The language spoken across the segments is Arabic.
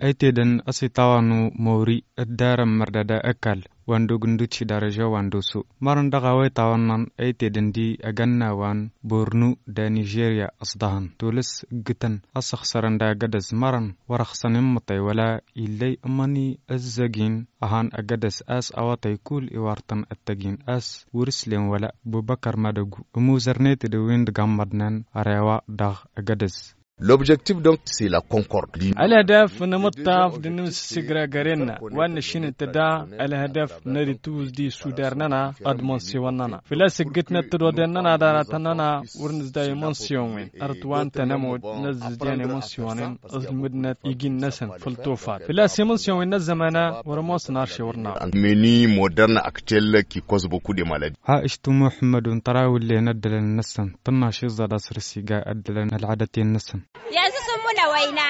aite dan asi tawanu mori dara mardada akal wando gundu ci daraja wando su maran da gawe tawan nan aite dan di aganna wan bornu da nigeria asdahan tulis gitan asax saranda gadas maran waraxsanin mutai wala illai amani azzagin ahan agadas as awatay kul iwartan attagin as wurislin wala bubakar madagu umu zarnete da wind gammadnan arewa dag agadas L'objectif donc c'est la concorde. Al-Hadaf na mataf da nim sigra garenna wannan shine ta da al-Hadaf na rituz di sudar nana admon si wannana. Fila sigit na tudo da nana da na tanana wurin da yamon si yonwe artuwan ta na mod na zidyan yamon si wanin azmud na igin nasan fultofa. Fila si yamon si yonwe na zamana wurin mos na shi wurna. Meni modern actuel qui cause beaucoup de maladies. Ha ishtu Muhammadun tarawil li naddalan nasan tanna shi zada sirsiga addalan al-adati nasan. Yanzu sun muna waina,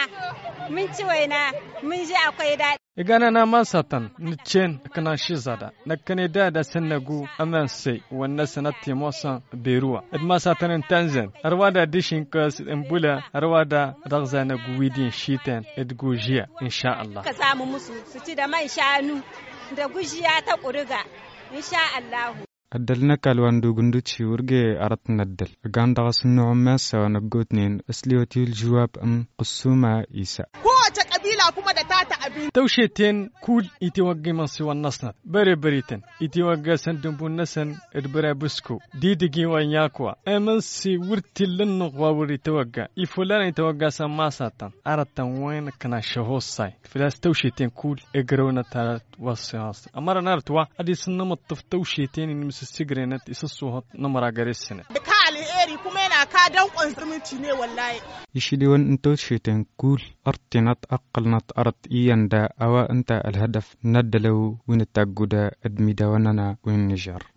mun ci waina, mun ji akwai daɗi. igana na man satan ni chen kana shizada na kane da da sanagu aman sai wannan sanati mosan beruwa idma in tanzan arwa da dishin kas bula arwa da ragza na guwidin shitan idgujiya insha Allah ka samu musu su ci da man shanu da gujiya ta kuriga insha Allah أدلنا كالواندو قندوتشي ورقي أردت ندل أقان دغس النعمة سوا نقوتنين أسليوتي الجواب أم قسومة إيسا kabila kuma da tata abin tawsheten kuud iti waggimansi wannasnat bere beritan iti waggasan dumbunasan edbarabusko didigi wanyakwa emansi wirtilannoq wawir ita wagga ifulan ita waggasan masatan aratan wen kana shahosai filas tawsheten kuud egarowna talat wasias amara nartwa adisnamat taftawsheten inimsisigrenat kari kuma yana ka dankon zumunci ne wallahi يشيلون انتو شيتن كول ارتنات اقلنات ارت ايان دا اوا انت الهدف ندلو وين التاقودا ادمي دا وننا وين نجار